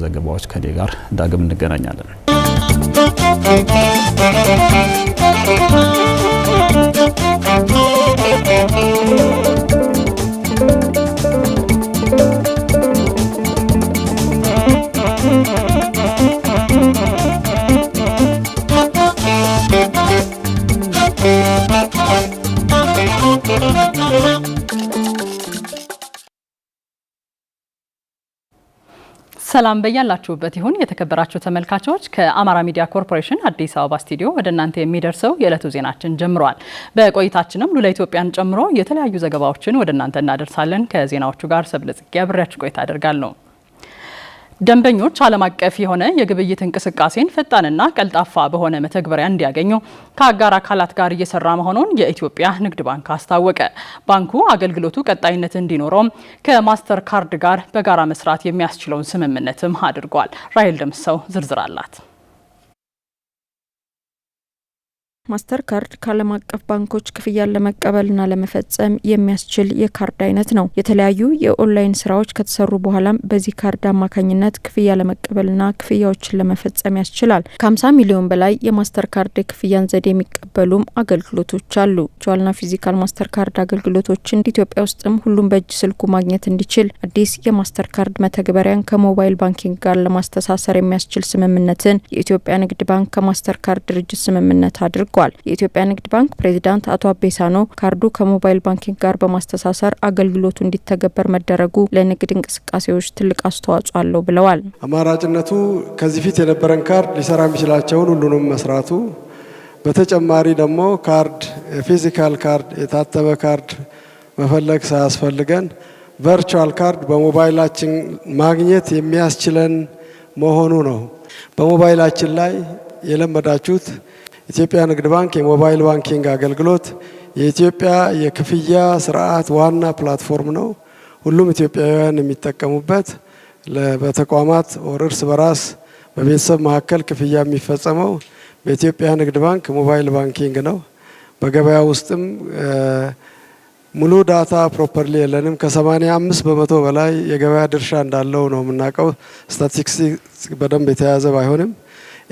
በሌሎች ዘገባዎች ከኔ ጋር ዳግም እንገናኛለን። ሰላም በያላችሁበት ይሁን የተከበራችሁ ተመልካቾች። ከአማራ ሚዲያ ኮርፖሬሽን አዲስ አበባ ስቱዲዮ ወደ እናንተ የሚደርሰው የዕለቱ ዜናችን ጀምሯል። በቆይታችንም ሉላ ኢትዮጵያን ጨምሮ የተለያዩ ዘገባዎችን ወደ እናንተ እናደርሳለን። ከዜናዎቹ ጋር ሰብለጽጌ አብሬያችሁ ቆይታ አደርጋለሁ። ደንበኞች ዓለም አቀፍ የሆነ የግብይት እንቅስቃሴን ፈጣንና ቀልጣፋ በሆነ መተግበሪያ እንዲያገኙ ከአጋር አካላት ጋር እየሰራ መሆኑን የኢትዮጵያ ንግድ ባንክ አስታወቀ። ባንኩ አገልግሎቱ ቀጣይነት እንዲኖረውም ከማስተር ካርድ ጋር በጋራ መስራት የሚያስችለውን ስምምነትም አድርጓል። ራይል ደምሰው ዝርዝር አላት። ማስተር ካርድ ከዓለም አቀፍ ባንኮች ክፍያን ለመቀበልና ለመፈጸም የሚያስችል የካርድ አይነት ነው። የተለያዩ የኦንላይን ስራዎች ከተሰሩ በኋላም በዚህ ካርድ አማካኝነት ክፍያ ለመቀበልና ክፍያዎችን ለመፈጸም ያስችላል። ከ50 ሚሊዮን በላይ የማስተር ካርድ የክፍያን ዘዴ የሚቀበሉም አገልግሎቶች አሉ። ቨርቹዋልና ፊዚካል ማስተር ካርድ አገልግሎቶችን ኢትዮጵያ ውስጥም ሁሉም በእጅ ስልኩ ማግኘት እንዲችል አዲስ የማስተር ካርድ መተግበሪያን ከሞባይል ባንኪንግ ጋር ለማስተሳሰር የሚያስችል ስምምነትን የኢትዮጵያ ንግድ ባንክ ከማስተር ካርድ ድርጅት ስምምነት አድርጓል። አድርጓል። የኢትዮጵያ ንግድ ባንክ ፕሬዚዳንት አቶ አቤሳኖ ካርዱ ከሞባይል ባንኪንግ ጋር በማስተሳሰር አገልግሎቱ እንዲተገበር መደረጉ ለንግድ እንቅስቃሴዎች ትልቅ አስተዋጽኦ አለው ብለዋል። አማራጭነቱ ከዚህ ፊት የነበረን ካርድ ሊሰራ የሚችላቸውን ሁሉንም መስራቱ፣ በተጨማሪ ደግሞ ካርድ ፊዚካል ካርድ የታተመ ካርድ መፈለግ ሳያስፈልገን ቨርቹዋል ካርድ በሞባይላችን ማግኘት የሚያስችለን መሆኑ ነው። በሞባይላችን ላይ የለመዳችሁት ኢትዮጵያ ንግድ ባንክ የሞባይል ባንኪንግ አገልግሎት የኢትዮጵያ የክፍያ ስርዓት ዋና ፕላትፎርም ነው። ሁሉም ኢትዮጵያውያን የሚጠቀሙበት በተቋማት ወር እርስ በራስ በቤተሰብ መካከል ክፍያ የሚፈጸመው በኢትዮጵያ ንግድ ባንክ ሞባይል ባንኪንግ ነው። በገበያ ውስጥም ሙሉ ዳታ ፕሮፐርሊ የለንም። ከ85 በመቶ በላይ የገበያ ድርሻ እንዳለው ነው የምናውቀው። ስታቲስቲክስ በደንብ የተያዘ ባይሆንም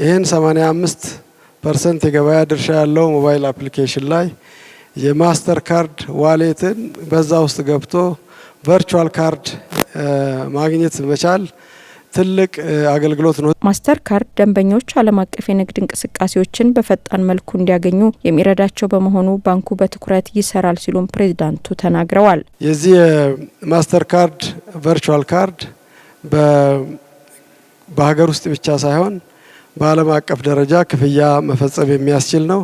ይህን 85 ፐርሰንት የገበያ ድርሻ ያለው ሞባይል አፕሊኬሽን ላይ የማስተር ካርድ ዋሌትን በዛ ውስጥ ገብቶ ቨርቹዋል ካርድ ማግኘት መቻል ትልቅ አገልግሎት ነው። ማስተር ካርድ ደንበኞች ዓለም አቀፍ የንግድ እንቅስቃሴዎችን በፈጣን መልኩ እንዲያገኙ የሚረዳቸው በመሆኑ ባንኩ በትኩረት ይሰራል ሲሉም ፕሬዚዳንቱ ተናግረዋል። የዚህ የማስተር ካርድ ቨርቹዋል ካርድ በሀገር ውስጥ ብቻ ሳይሆን በዓለም አቀፍ ደረጃ ክፍያ መፈጸም የሚያስችል ነው።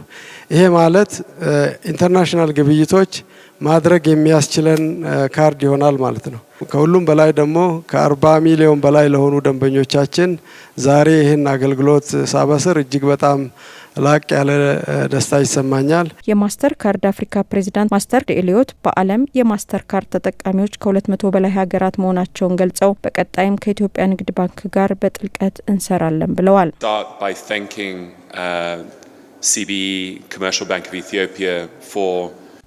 ይሄ ማለት ኢንተርናሽናል ግብይቶች ማድረግ የሚያስችለን ካርድ ይሆናል ማለት ነው። ከሁሉም በላይ ደግሞ ከአርባ ሚሊዮን በላይ ለሆኑ ደንበኞቻችን ዛሬ ይህን አገልግሎት ሳበስር እጅግ በጣም ላቅ ያለ ደስታ ይሰማኛል። የማስተር ካርድ አፍሪካ ፕሬዚዳንት ማስተር ኤሊዮት በዓለም የማስተር ካርድ ተጠቃሚዎች ከሁለት መቶ በላይ ሀገራት መሆናቸውን ገልጸው በቀጣይም ከኢትዮጵያ ንግድ ባንክ ጋር በጥልቀት እንሰራለን ብለዋል።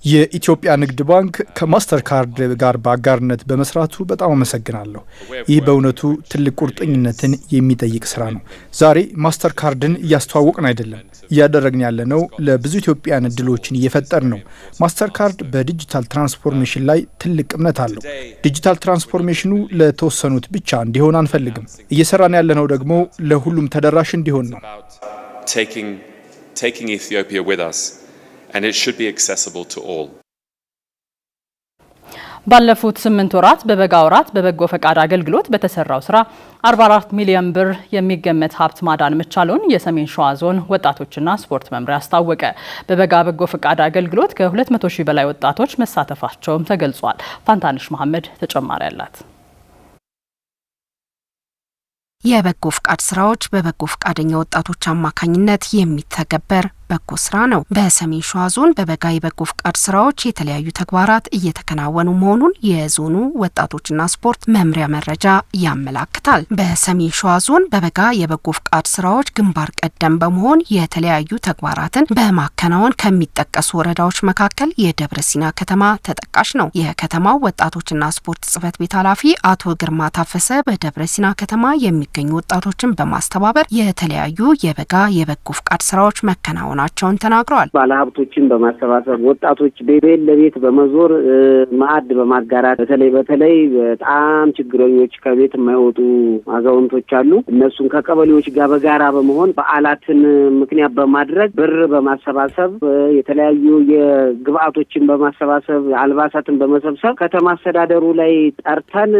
e, የኢትዮጵያ ንግድ ባንክ ከማስተር ካርድ ጋር በአጋርነት በመስራቱ በጣም አመሰግናለሁ። ይህ በእውነቱ ትልቅ ቁርጠኝነትን የሚጠይቅ ስራ ነው። ዛሬ ማስተር ካርድን እያስተዋወቅን አይደለም፣ እያደረግን ያለ ነው። ለብዙ ኢትዮጵያን እድሎችን እየፈጠር ነው። ማስተር ካርድ በዲጂታል ትራንስፎርሜሽን ላይ ትልቅ እምነት አለው። ዲጂታል ትራንስፎርሜሽኑ ለተወሰኑት ብቻ እንዲሆን አንፈልግም። እየሰራን ያለነው ደግሞ ለሁሉም ተደራሽ እንዲሆን ነው። Taking Ethiopia with us, and it should be accessible to all. ባለፉት ስምንት ወራት በበጋ ወራት በበጎ ፈቃድ አገልግሎት በተሰራው ስራ 44 ሚሊዮን ብር የሚገመት ሀብት ማዳን መቻሉን የሰሜን ሸዋ ዞን ወጣቶችና ስፖርት መምሪያ አስታወቀ። በበጋ በጎ ፈቃድ አገልግሎት ከ200 ሺህ በላይ ወጣቶች መሳተፋቸውም ተገልጿል። ፋንታንሽ መሐመድ ተጨማሪ አላት። የበጎ ፍቃድ ስራዎች በበጎ ፍቃደኛ ወጣቶች አማካኝነት የሚተገበር በጎ ስራ ነው። በሰሜን ሸዋ ዞን በበጋ የበጎ ፍቃድ ስራዎች የተለያዩ ተግባራት እየተከናወኑ መሆኑን የዞኑ ወጣቶችና ስፖርት መምሪያ መረጃ ያመላክታል። በሰሜን ሸዋ ዞን በበጋ የበጎ ፍቃድ ስራዎች ግንባር ቀደም በመሆን የተለያዩ ተግባራትን በማከናወን ከሚጠቀሱ ወረዳዎች መካከል የደብረ ሲና ከተማ ተጠቃሽ ነው። የከተማው ወጣቶችና ስፖርት ጽህፈት ቤት ኃላፊ አቶ ግርማ ታፈሰ በደብረ ሲና ከተማ የሚገኙ ወጣቶችን በማስተባበር የተለያዩ የበጋ የበጎ ፍቃድ ስራዎች መከናወን መሆናቸውን ተናግረዋል። ባለሀብቶችን በማሰባሰብ ወጣቶች ቤት ለቤት በመዞር ማዕድ በማጋራት በተለይ በተለይ በጣም ችግረኞች ከቤት የማይወጡ አዛውንቶች አሉ። እነሱን ከቀበሌዎች ጋር በጋራ በመሆን በዓላትን ምክንያት በማድረግ ብር በማሰባሰብ የተለያዩ የግብአቶችን በማሰባሰብ አልባሳትን በመሰብሰብ ከተማ አስተዳደሩ ላይ ጠርተን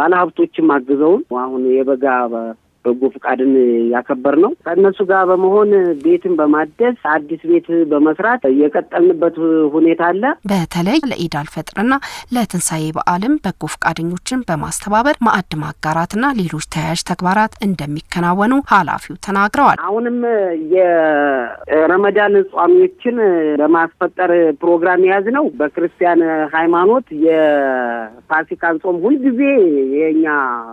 ባለሀብቶችም አግዘውን አሁን የበጋ በጎ ፈቃድን ያከበር ነው። ከእነሱ ጋር በመሆን ቤትን በማደስ አዲስ ቤት በመስራት የቀጠልንበት ሁኔታ አለ። በተለይ ለኢድ አልፈጥርና ለትንሳኤ በዓልም በጎ ፈቃደኞችን በማስተባበር ማዕድ ማጋራትና ሌሎች ተያያዥ ተግባራት እንደሚከናወኑ ኃላፊው ተናግረዋል። አሁንም የረመዳን ጿሚዎችን ለማስፈጠር ፕሮግራም የያዝ ነው። በክርስቲያን ሃይማኖት የፋሲካን ጾም ሁልጊዜ የእኛ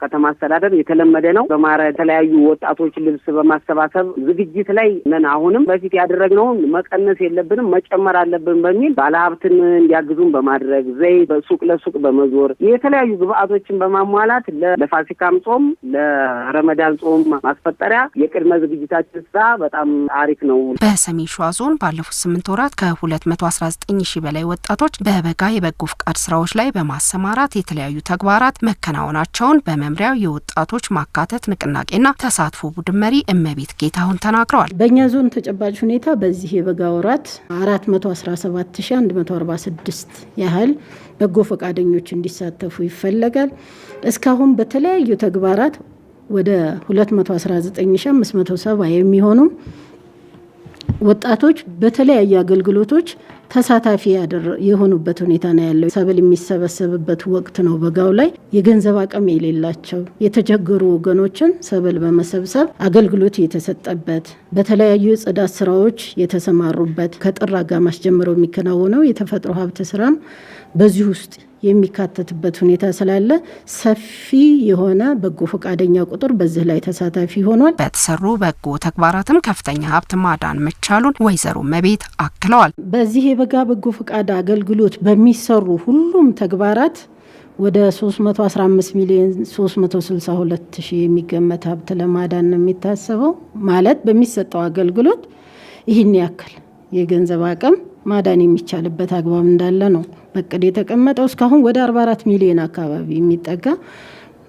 ከተማ አስተዳደር የተለመደ ነው በማረ የተለያዩ ወጣቶች ልብስ በማሰባሰብ ዝግጅት ላይ ነን። አሁንም በፊት ያደረግነውን መቀነስ የለብንም መጨመር አለብን በሚል ባለሀብትን እንዲያግዙን በማድረግ ዘይ በሱቅ ለሱቅ በመዞር የተለያዩ ግብአቶችን በማሟላት ለፋሲካም ጾም ለረመዳን ጾም ማስፈጠሪያ የቅድመ ዝግጅታችን ስራ በጣም አሪፍ ነው። በሰሜን ሸዋ ዞን ባለፉት ስምንት ወራት ከሁለት መቶ አስራ ዘጠኝ ሺህ በላይ ወጣቶች በበጋ የበጎ ፍቃድ ስራዎች ላይ በማሰማራት የተለያዩ ተግባራት መከናወናቸውን በመምሪያው የወጣቶች ማካተት ንቅናቄ ንቅናቄና ተሳትፎ ቡድን መሪ እመቤት ጌታሁን ተናግረዋል። በእኛ ዞን ተጨባጭ ሁኔታ በዚህ የበጋ ወራት 417146 ያህል በጎ ፈቃደኞች እንዲሳተፉ ይፈለጋል። እስካሁን በተለያዩ ተግባራት ወደ 219570 የሚሆኑ ወጣቶች በተለያየ አገልግሎቶች ተሳታፊ የሆኑበት ሁኔታ ነው ያለው። ሰብል የሚሰበሰብበት ወቅት ነው። በጋው ላይ የገንዘብ አቅም የሌላቸው የተቸገሩ ወገኖችን ሰብል በመሰብሰብ አገልግሎት የተሰጠበት፣ በተለያዩ የጽዳት ስራዎች የተሰማሩበት ከጥር አጋማሽ ጀምረው የሚከናወነው የተፈጥሮ ሀብት ስራም በዚህ ውስጥ የሚካተትበት ሁኔታ ስላለ ሰፊ የሆነ በጎ ፈቃደኛ ቁጥር በዚህ ላይ ተሳታፊ ሆኗል። በተሰሩ በጎ ተግባራትም ከፍተኛ ሀብት ማዳን መቻሉን ወይዘሮ መቤት አክለዋል። በዚህ የበጋ በጎ ፈቃድ አገልግሎት በሚሰሩ ሁሉም ተግባራት ወደ 315 ሚሊዮን 362 ሺህ የሚገመት ሀብት ለማዳን ነው የሚታሰበው። ማለት በሚሰጠው አገልግሎት ይህን ያክል የገንዘብ አቅም ማዳን የሚቻልበት አግባብ እንዳለ ነው በቅድ የተቀመጠው። እስካሁን ወደ 44 ሚሊዮን አካባቢ የሚጠጋ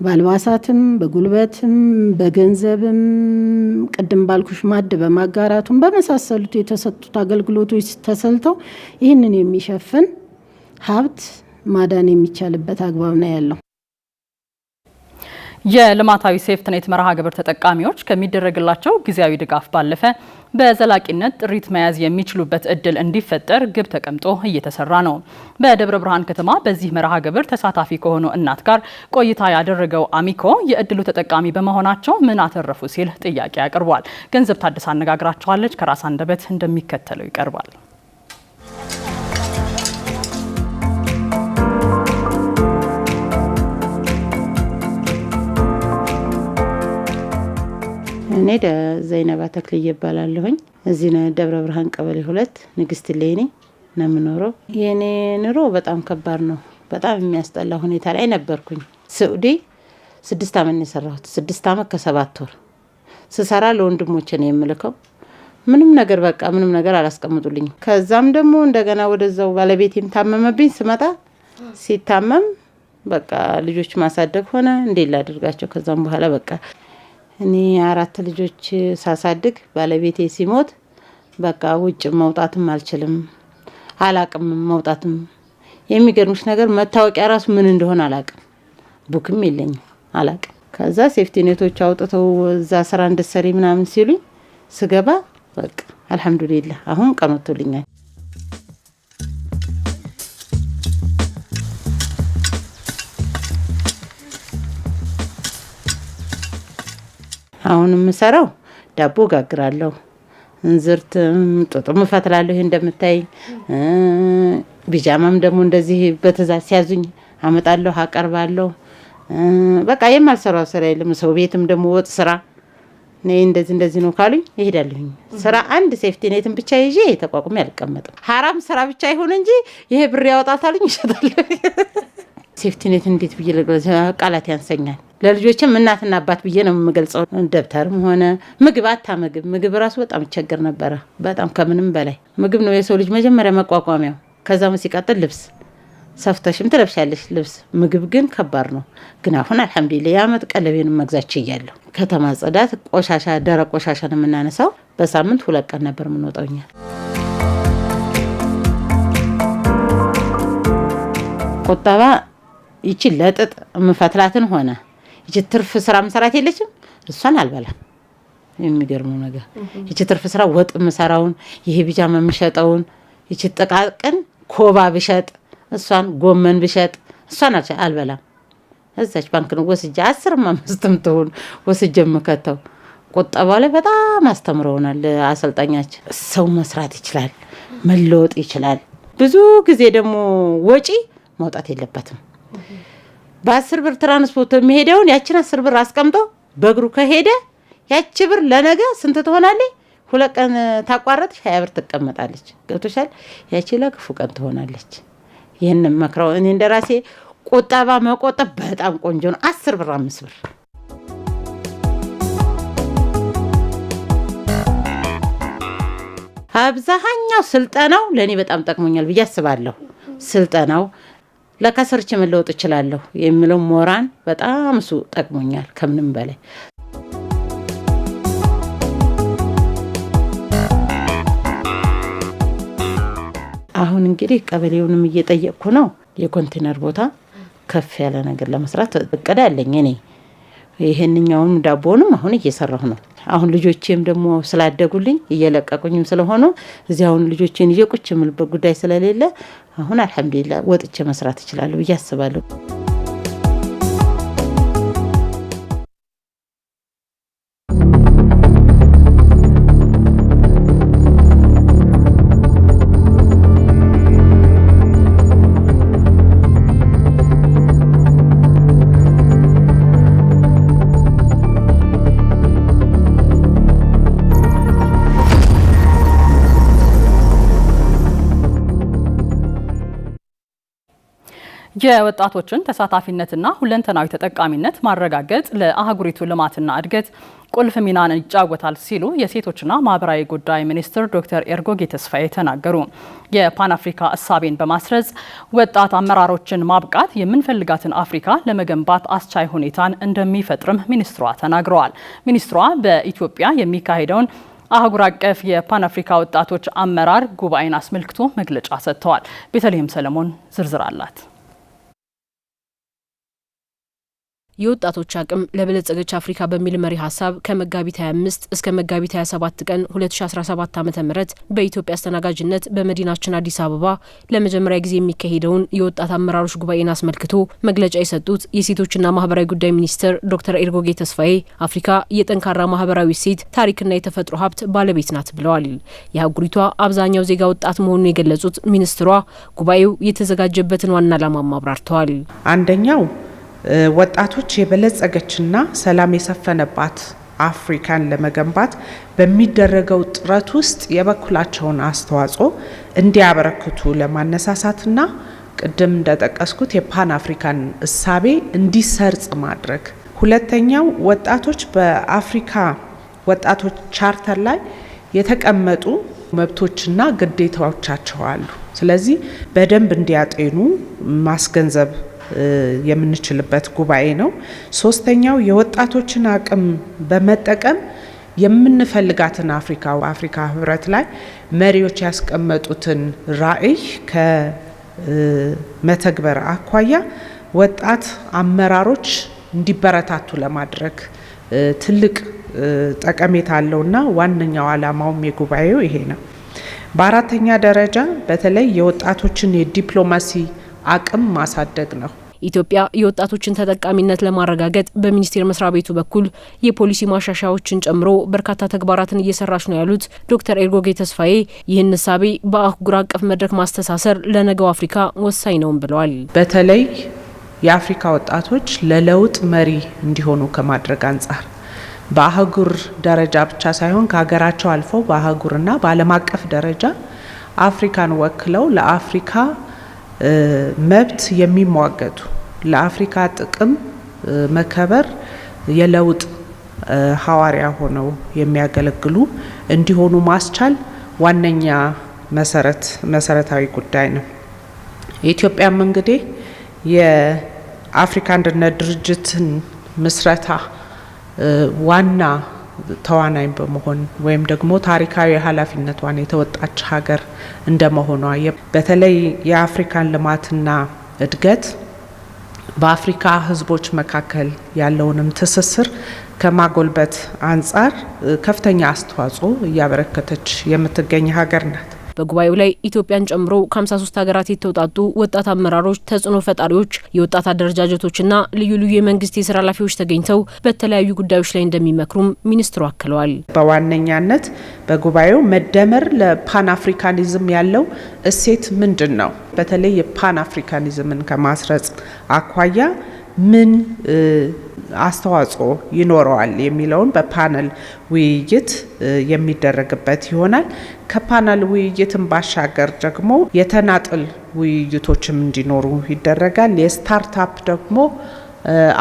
በአልባሳትም በጉልበትም በገንዘብም ቅድም ባልኩሽ ማድ በማጋራቱም በመሳሰሉት የተሰጡት አገልግሎቶች ተሰልተው ይህንን የሚሸፍን ሀብት ማዳን የሚቻልበት አግባብ ነው ያለው። የልማታዊ ሴፍትኔት መርሃ ግብር ተጠቃሚዎች ከሚደረግላቸው ጊዜያዊ ድጋፍ ባለፈ በዘላቂነት ጥሪት መያዝ የሚችሉበት እድል እንዲፈጠር ግብ ተቀምጦ እየተሰራ ነው። በደብረ ብርሃን ከተማ በዚህ መርሃ ግብር ተሳታፊ ከሆኑ እናት ጋር ቆይታ ያደረገው አሚኮ የእድሉ ተጠቃሚ በመሆናቸው ምን አተረፉ ሲል ጥያቄ አቅርቧል። ገንዘብ ታደሰ አነጋግራቸዋለች። ከራስ አንደበት እንደሚከተለው ይቀርባል። ስንሄድ ዘይነባ ተክል እባላለሁኝ። እዚህ ደብረ ብርሃን ቀበሌ ሁለት ንግስት ሌኔ ነው የምኖረው። የኔ ኑሮ በጣም ከባድ ነው። በጣም የሚያስጠላ ሁኔታ ላይ ነበርኩኝ። ስዑዲ ስድስት ዓመት ነው የሰራሁት። ስድስት ዓመት ከሰባት ወር ስሰራ ለወንድሞቼ ነው የምልከው። ምንም ነገር በቃ ምንም ነገር አላስቀምጡልኝም። ከዛም ደግሞ እንደገና ወደዛው ባለቤቴም ታመመብኝ። ስመጣ ሲታመም በቃ ልጆች ማሳደግ ሆነ እንዴ ላደርጋቸው። ከዛም በኋላ በቃ እኔ አራት ልጆች ሳሳድግ ባለቤቴ ሲሞት በቃ ውጭ መውጣትም አልችልም አላቅም መውጣትም። የሚገርምሽ ነገር መታወቂያ ራሱ ምን እንደሆነ አላቅም፣ ቡክም የለኝም አላቅም። ከዛ ኔቶች አውጥተው እዛ ስራ እንድትሰሪ ምናምን ሲሉኝ ስገባ በቃ አልሐምዱሊላህ አሁን ቀኖቶልኛል። አሁን የምሰራው ዳቦ ጋግራለሁ፣ እንዝርትም ጦጥም እፈትላለሁ። እንደምታይ ቢጃማም ደግሞ እንደዚህ በትእዛዝ ሲያዙኝ አመጣለሁ፣ አቀርባለሁ። በቃ የማልሰራው ስራ የለም። ሰው ቤትም ደግሞ ወጥ ስራ እኔ እንደዚህ እንደዚህ ነው ካሉኝ ይሄዳለሁኝ። ስራ አንድ ሴፍቲ ኔትን ብቻ ይዤ ተቋቁሜ አልቀመጥም። ሀራም ስራ ብቻ ይሁን እንጂ ይሄ ብር ያወጣታልኝ ይሸጣለሁ። ሴፍቲኔት እንዴት ብዬ ልግለጽ? ቃላት ያንሰኛል። ለልጆችም እናትና አባት ብዬ ነው የምገልጸው። ደብተርም ሆነ ምግብ አታ ምግብ ምግብ ራሱ በጣም ይቸግር ነበረ። በጣም ከምንም በላይ ምግብ ነው የሰው ልጅ መጀመሪያ መቋቋሚያው። ከዛም ሲቀጥል ልብስ ሰፍተሽም ትለብሻለሽ ልብስ። ምግብ ግን ከባድ ነው። ግን አሁን አልሐምዱሊላ የአመት ቀለቤን መግዛች እያለሁ ከተማ ጽዳት፣ ቆሻሻ፣ ደረቅ ቆሻሻ ነው የምናነሳው። በሳምንት ሁለት ቀን ነበር የምንወጣውኛል። ቁጠባ ይቺ ለጥጥ የምፈትላትን ሆነ ይቺ ትርፍ ስራ ምሰራት የለችም፣ እሷን አልበላም። የሚገርመው ነገር ይቺ ትርፍ ስራ ወጥ የምሰራውን ይሄ ቢጃማ የምሸጠውን ይቺ ጥቃቅን ኮባ ብሸጥ እሷን ጎመን ብሸጥ እሷን አልበላም። እዛች ባንክ ነው ወስጄ አስርም አምስትም ትሁን ወስጄ የምከተው። ቁጠባ ላይ በጣም አስተምረውናል አሰልጣኛችን። ሰው መስራት ይችላል፣ መለወጥ ይችላል። ብዙ ጊዜ ደግሞ ወጪ መውጣት የለበትም። በአስር ብር ትራንስፖርት የሚሄደውን ያችን አስር ብር አስቀምጦ በእግሩ ከሄደ ያቺ ብር ለነገ ስንት ትሆናለች? ሁለት ቀን ታቋረጥ ሀያ ብር ትቀመጣለች። ገብቶሻል? ያቺ ለክፉ ቀን ትሆናለች። ይህን መክረው እኔ እንደ ራሴ ቁጠባ መቆጠብ በጣም ቆንጆ ነው። አስር ብር አምስት ብር አብዛኛው ስልጠናው ለእኔ በጣም ጠቅሞኛል ብዬ አስባለሁ። ስልጠናው ለካ ሰርቼ መለወጥ እችላለሁ የሚለው ሞራን በጣም እሱ ጠቅሞኛል ከምንም በላይ። አሁን እንግዲህ ቀበሌውንም እየጠየቅኩ ነው። የኮንቴነር ቦታ ከፍ ያለ ነገር ለመስራት እቅድ አለኝ እኔ። ይህንኛውን ዳቦንም አሁን እየሰራሁ ነው። አሁን ልጆቼም ደግሞ ስላደጉልኝ እየለቀቁኝም ስለሆኑ እዚህ አሁን ልጆቼን እየቁች የምልበት ጉዳይ ስለሌለ አሁን አልሐምዱሊላ ወጥቼ መስራት እችላለሁ ብዬ አስባለሁ። የወጣቶችን ተሳታፊነትና ሁለንተናዊ ተጠቃሚነት ማረጋገጥ ለአህጉሪቱ ልማትና እድገት ቁልፍ ሚናን ይጫወታል ሲሉ የሴቶችና ማህበራዊ ጉዳይ ሚኒስትር ዶክተር ኤርጎጌ ተስፋዬ ተናገሩ። የፓን አፍሪካ እሳቤን በማስረጽ ወጣት አመራሮችን ማብቃት የምንፈልጋትን አፍሪካ ለመገንባት አስቻይ ሁኔታን እንደሚፈጥርም ሚኒስትሯ ተናግረዋል። ሚኒስትሯ በኢትዮጵያ የሚካሄደውን አህጉር አቀፍ የፓን አፍሪካ ወጣቶች አመራር ጉባኤን አስመልክቶ መግለጫ ሰጥተዋል። ቤተልሔም ሰለሞን ዝርዝር አላት። የወጣቶች አቅም ለበለጸገች አፍሪካ በሚል መሪ ሀሳብ ከመጋቢት 25 እስከ መጋቢት 27 ቀን 2017 ዓ ም በኢትዮጵያ አስተናጋጅነት በመዲናችን አዲስ አበባ ለመጀመሪያ ጊዜ የሚካሄደውን የወጣት አመራሮች ጉባኤን አስመልክቶ መግለጫ የሰጡት የሴቶችና ማህበራዊ ጉዳይ ሚኒስትር ዶክተር ኤርጎጌ ተስፋዬ አፍሪካ የጠንካራ ማህበራዊ ሴት ታሪክና የተፈጥሮ ሀብት ባለቤት ናት ብለዋል። የአህጉሪቷ አብዛኛው ዜጋ ወጣት መሆኑን የገለጹት ሚኒስትሯ ጉባኤው የተዘጋጀበትን ዋና ዓላማም አብራርተዋል። አንደኛው ወጣቶች የበለጸገችና ሰላም የሰፈነባት አፍሪካን ለመገንባት በሚደረገው ጥረት ውስጥ የበኩላቸውን አስተዋጽኦ እንዲያበረክቱ ለማነሳሳትና ቅድም እንደጠቀስኩት የፓን አፍሪካን እሳቤ እንዲሰርጽ ማድረግ። ሁለተኛው ወጣቶች በአፍሪካ ወጣቶች ቻርተር ላይ የተቀመጡ መብቶችና ግዴታዎቻቸው አሉ። ስለዚህ በደንብ እንዲያጤኑ ማስገንዘብ የምንችልበት ጉባኤ ነው። ሶስተኛው የወጣቶችን አቅም በመጠቀም የምንፈልጋትን አፍሪካ አፍሪካ ህብረት ላይ መሪዎች ያስቀመጡትን ራዕይ ከመተግበር አኳያ ወጣት አመራሮች እንዲበረታቱ ለማድረግ ትልቅ ጠቀሜታ አለውና ዋነኛው ዓላማውም የጉባኤው ይሄ ነው። በአራተኛ ደረጃ በተለይ የወጣቶችን የዲፕሎማሲ አቅም ማሳደግ ነው። ኢትዮጵያ የወጣቶችን ተጠቃሚነት ለማረጋገጥ በሚኒስቴር መስሪያ ቤቱ በኩል የፖሊሲ ማሻሻያዎችን ጨምሮ በርካታ ተግባራትን እየሰራች ነው ያሉት ዶክተር ኤርጎጌ ተስፋዬ ይህን እሳቤ በአህጉር አቀፍ መድረክ ማስተሳሰር ለነገው አፍሪካ ወሳኝ ነውም ብለዋል። በተለይ የአፍሪካ ወጣቶች ለለውጥ መሪ እንዲሆኑ ከማድረግ አንጻር በአህጉር ደረጃ ብቻ ሳይሆን ከሀገራቸው አልፈው በአህጉርና በዓለም አቀፍ ደረጃ አፍሪካን ወክለው ለአፍሪካ መብት የሚሟገቱ ለአፍሪካ ጥቅም መከበር የለውጥ ሐዋርያ ሆነው የሚያገለግሉ እንዲሆኑ ማስቻል ዋነኛ መሰረት መሰረታዊ ጉዳይ ነው። የኢትዮጵያም እንግዲህ የአፍሪካ አንድነት ድርጅትን ምስረታ ዋና ተዋናይ በመሆን ወይም ደግሞ ታሪካዊ ኃላፊነቷን የተወጣች ሀገር እንደመሆኗ በተለይ የአፍሪካን ልማትና እድገት በአፍሪካ ሕዝቦች መካከል ያለውንም ትስስር ከማጎልበት አንጻር ከፍተኛ አስተዋጽኦ እያበረከተች የምትገኝ ሀገር ናት። በጉባኤው ላይ ኢትዮጵያን ጨምሮ ከ53 ሀገራት የተውጣጡ ወጣት አመራሮች፣ ተጽዕኖ ፈጣሪዎች፣ የወጣት አደረጃጀቶችና ልዩ ልዩ የመንግስት የስራ ኃላፊዎች ተገኝተው በተለያዩ ጉዳዮች ላይ እንደሚመክሩም ሚኒስትሩ አክለዋል። በዋነኛነት በጉባኤው መደመር ለፓን አፍሪካኒዝም ያለው እሴት ምንድን ነው? በተለይ የፓን አፍሪካኒዝምን ከማስረጽ አኳያ ምን አስተዋጽኦ ይኖረዋል የሚለውን በፓነል ውይይት የሚደረግበት ይሆናል። ከፓነል ውይይትን ባሻገር ደግሞ የተናጥል ውይይቶችም እንዲኖሩ ይደረጋል። የስታርታፕ ደግሞ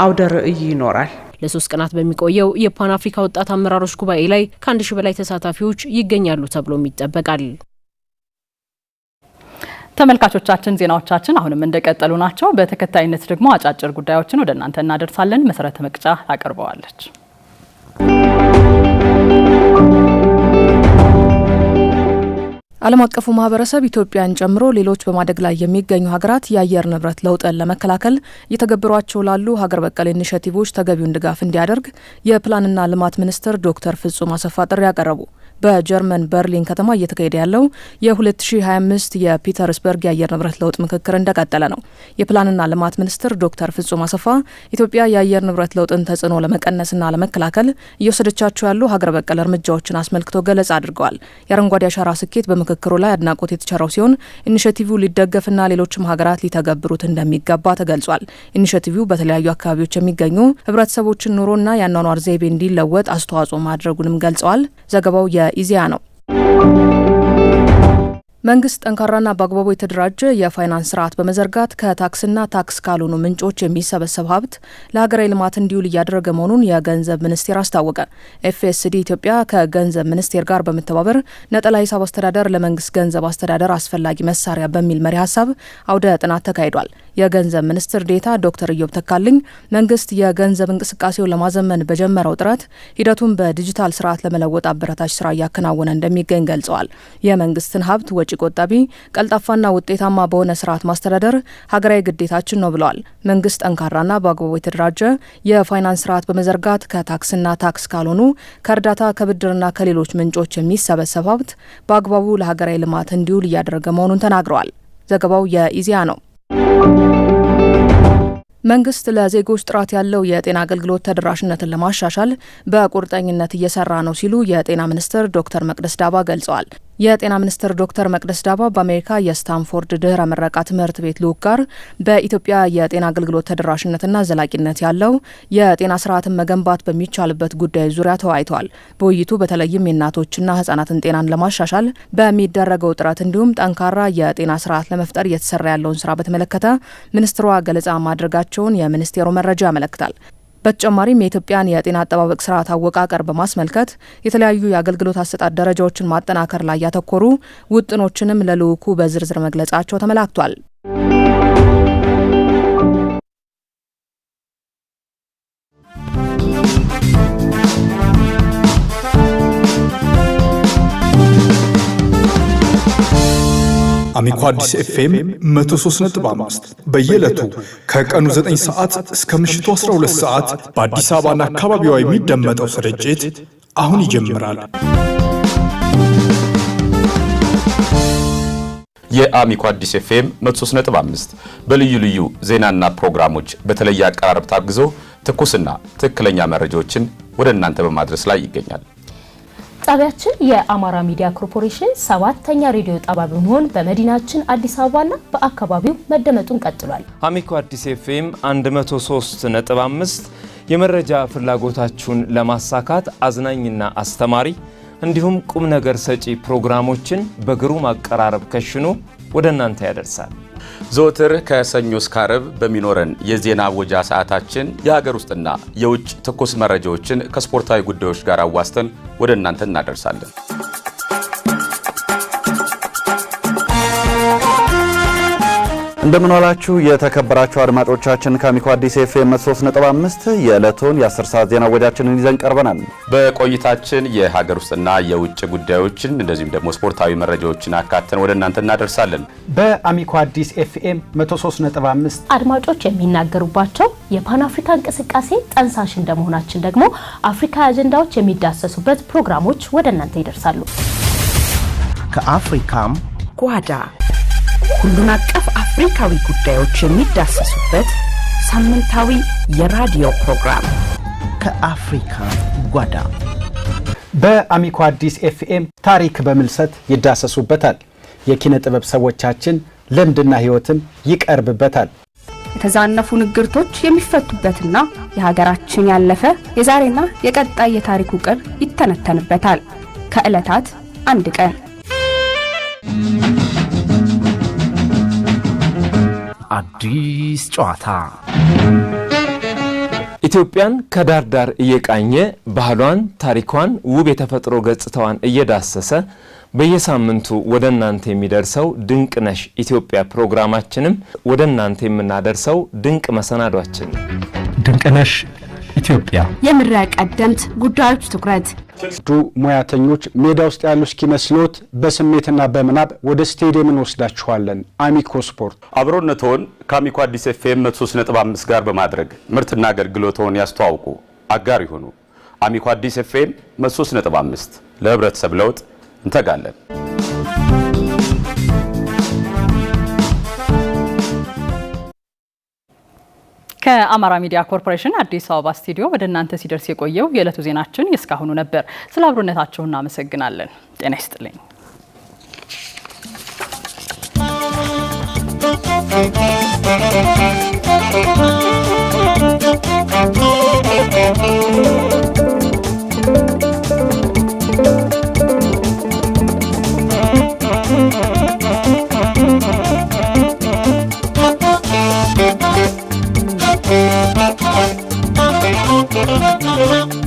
አውደ ርዕይ ይኖራል። ለሶስት ቀናት በሚቆየው የፓን አፍሪካ ወጣት አመራሮች ጉባኤ ላይ ከአንድ ሺህ በላይ ተሳታፊዎች ይገኛሉ ተብሎም ይጠበቃል። ተመልካቾቻችን ዜናዎቻችን አሁንም እንደቀጠሉ ናቸው። በተከታይነት ደግሞ አጫጭር ጉዳዮችን ወደ እናንተ እናደርሳለን። መሰረተ መቅጫ ታቀርበዋለች። ዓለም አቀፉ ማህበረሰብ ኢትዮጵያን ጨምሮ ሌሎች በማደግ ላይ የሚገኙ ሀገራት የአየር ንብረት ለውጥን ለመከላከል እየተገበሯቸው ላሉ ሀገር በቀል ኢኒሽቲቮች ተገቢውን ድጋፍ እንዲያደርግ የፕላንና ልማት ሚኒስትር ዶክተር ፍጹም አሰፋ ጥሪ ያቀረቡ በጀርመን በርሊን ከተማ እየተካሄደ ያለው የ2025 የፒተርስበርግ የአየር ንብረት ለውጥ ምክክር እንደቀጠለ ነው። የፕላንና ልማት ሚኒስትር ዶክተር ፍጹም አሰፋ ኢትዮጵያ የአየር ንብረት ለውጥን ተጽዕኖ ለመቀነስና ለመከላከል እየወሰደቻቸው ያሉ ሀገር በቀል እርምጃዎችን አስመልክቶ ገለጻ አድርገዋል። የአረንጓዴ አሻራ ስኬት በምክክሩ ላይ አድናቆት የተቸረው ሲሆን ኢኒሽቲቭ ሊደገፍና ሌሎችም ሀገራት ሊተገብሩት እንደሚገባ ተገልጿል። ኢኒሽቲቭ በተለያዩ አካባቢዎች የሚገኙ ህብረተሰቦችን ኑሮና የአኗኗር ዘይቤ እንዲለወጥ አስተዋጽኦ ማድረጉንም ገልጸዋል። ዘገባው የ Isiano. መንግስት ጠንካራና በአግባቡ የተደራጀ የፋይናንስ ስርዓት በመዘርጋት ከታክስና ታክስ ካልሆኑ ምንጮች የሚሰበሰብ ሀብት ለሀገራዊ ልማት እንዲውል እያደረገ መሆኑን የገንዘብ ሚኒስቴር አስታወቀ። ኤፍኤስዲ ኢትዮጵያ ከገንዘብ ሚኒስቴር ጋር በመተባበር ነጠላ ሂሳብ አስተዳደር ለመንግስት ገንዘብ አስተዳደር አስፈላጊ መሳሪያ በሚል መሪ ሀሳብ አውደ ጥናት ተካሂዷል። የገንዘብ ሚኒስትር ዴታ ዶክተር እዮብ ተካልኝ መንግስት የገንዘብ እንቅስቃሴውን ለማዘመን በጀመረው ጥረት ሂደቱን በዲጂታል ስርዓት ለመለወጥ አበረታች ስራ እያከናወነ እንደሚገኝ ገልጸዋል። የመንግስትን ሀብት ወጪ ቆጣቢ፣ ቀልጣፋና ውጤታማ በሆነ ስርዓት ማስተዳደር ሀገራዊ ግዴታችን ነው ብለዋል። መንግስት ጠንካራና በአግባቡ የተደራጀ የፋይናንስ ስርዓት በመዘርጋት ከታክስና ታክስ ካልሆኑ ከእርዳታ ከብድርና ከሌሎች ምንጮች የሚሰበሰብ ሀብት በአግባቡ ለሀገራዊ ልማት እንዲውል እያደረገ መሆኑን ተናግረዋል። ዘገባው የኢዜአ ነው። መንግስት ለዜጎች ጥራት ያለው የጤና አገልግሎት ተደራሽነትን ለማሻሻል በቁርጠኝነት እየሰራ ነው ሲሉ የጤና ሚኒስትር ዶክተር መቅደስ ዳባ ገልጸዋል። የጤና ሚኒስትር ዶክተር መቅደስ ዳባ በአሜሪካ የስታንፎርድ ድህረ ምረቃ ትምህርት ቤት ልዑክ ጋር በኢትዮጵያ የጤና አገልግሎት ተደራሽነትና ዘላቂነት ያለው የጤና ስርዓትን መገንባት በሚቻልበት ጉዳይ ዙሪያ ተወያይተዋል። በውይይቱ በተለይም የእናቶችና ህጻናትን ጤናን ለማሻሻል በሚደረገው ጥረት እንዲሁም ጠንካራ የጤና ስርዓት ለመፍጠር እየተሰራ ያለውን ስራ በተመለከተ ሚኒስትሯ ገለጻ ማድረጋቸውን የሚኒስቴሩ መረጃ ያመለክታል። በተጨማሪም የኢትዮጵያን የጤና አጠባበቅ ስርዓት አወቃቀር በማስመልከት የተለያዩ የአገልግሎት አሰጣጥ ደረጃዎችን ማጠናከር ላይ ያተኮሩ ውጥኖችንም ለልዑኩ በዝርዝር መግለጻቸው ተመላክቷል። አሚኮ አዲስ ኤፍኤም 135 በየዕለቱ ከቀኑ 9 ሰዓት እስከ ምሽቱ 12 ሰዓት በአዲስ አበባና አካባቢዋ የሚደመጠው ስርጭት አሁን ይጀምራል። የአሚኮ አዲስ ኤፍኤም 103.5 በልዩ ልዩ ዜናና ፕሮግራሞች በተለየ አቀራረብ ታግዞ ትኩስና ትክክለኛ መረጃዎችን ወደ እናንተ በማድረስ ላይ ይገኛል። ጣቢያችን የአማራ ሚዲያ ኮርፖሬሽን ሰባተኛ ሬዲዮ ጣቢያ በመሆን በመዲናችን አዲስ አበባና በአካባቢው መደመጡን ቀጥሏል። አሚኮ አዲስ ኤፍኤም 103.5 የመረጃ ፍላጎታችሁን ለማሳካት አዝናኝና አስተማሪ እንዲሁም ቁም ነገር ሰጪ ፕሮግራሞችን በግሩም አቀራረብ ከሽኑ ወደ እናንተ ያደርሳል። ዘወትር ከሰኞ እስከ አርብ በሚኖረን የዜና አወጃ ሰዓታችን የሀገር ውስጥና የውጭ ትኩስ መረጃዎችን ከስፖርታዊ ጉዳዮች ጋር አዋስተን ወደ እናንተ እናደርሳለን። እንደምንዋላችሁ የተከበራችሁ አድማጮቻችን ከአሚኮ አዲስ ኤፍኤም 103.5 የዕለቱን የ10 ሰዓት ዜና ወዳችንን ይዘን ቀርበናል። በቆይታችን የሀገር ውስጥና የውጭ ጉዳዮችን እንደዚሁም ደግሞ ስፖርታዊ መረጃዎችን አካተን ወደ እናንተ እናደርሳለን። በአሚኮ አዲስ ኤፍኤም 103.5 አድማጮች የሚናገሩባቸው የፓን አፍሪካ እንቅስቃሴ ጠንሳሽ እንደመሆናችን ደግሞ አፍሪካ አጀንዳዎች የሚዳሰሱበት ፕሮግራሞች ወደ እናንተ ይደርሳሉ። ከአፍሪካም ጓዳ ሁሉን አቀፍ አፍሪካዊ ጉዳዮች የሚዳሰሱበት ሳምንታዊ የራዲዮ ፕሮግራም ከአፍሪካ ጓዳ በአሚኮ አዲስ ኤፍኤም ታሪክ በምልሰት ይዳሰሱበታል። የኪነ ጥበብ ሰዎቻችን ልምድና ሕይወትም ይቀርብበታል። የተዛነፉ ንግርቶች የሚፈቱበትና የሀገራችን ያለፈ የዛሬና የቀጣይ የታሪክ ውቅር ይተነተንበታል። ከዕለታት አንድ ቀን አዲስ ጨዋታ ኢትዮጵያን ከዳር ዳር እየቃኘ ባህሏን፣ ታሪኳን፣ ውብ የተፈጥሮ ገጽታዋን እየዳሰሰ በየሳምንቱ ወደ እናንተ የሚደርሰው ድንቅ ነሽ ኢትዮጵያ ፕሮግራማችንም ወደ እናንተ የምናደርሰው ድንቅ መሰናዷችን ድንቅ ነሽ ኢትዮጵያ የምድረ ቀደምት ጉዳዮች ትኩረት ዱ ሙያተኞች ሜዳ ውስጥ ያሉ እስኪመስሎት በስሜትና በምናብ ወደ ስቴዲየም እንወስዳችኋለን። አሚኮ ስፖርት አብሮነትዎን ከአሚኮ አዲስ ኤፍኤም 103.5 ጋር በማድረግ ምርትና አገልግሎትዎን ያስተዋውቁ፣ አጋር ይሁኑ። አሚኮ አዲስ ኤፍኤም 103.5 ለህብረተሰብ ለውጥ እንተጋለን። ከአማራ ሚዲያ ኮርፖሬሽን አዲስ አበባ ስቱዲዮ ወደ እናንተ ሲደርስ የቆየው የዕለቱ ዜናችን የእስካሁኑ ነበር። ስለ አብሮነታችሁ እናመሰግናለን። ጤና ይስጥልኝ። Thank you.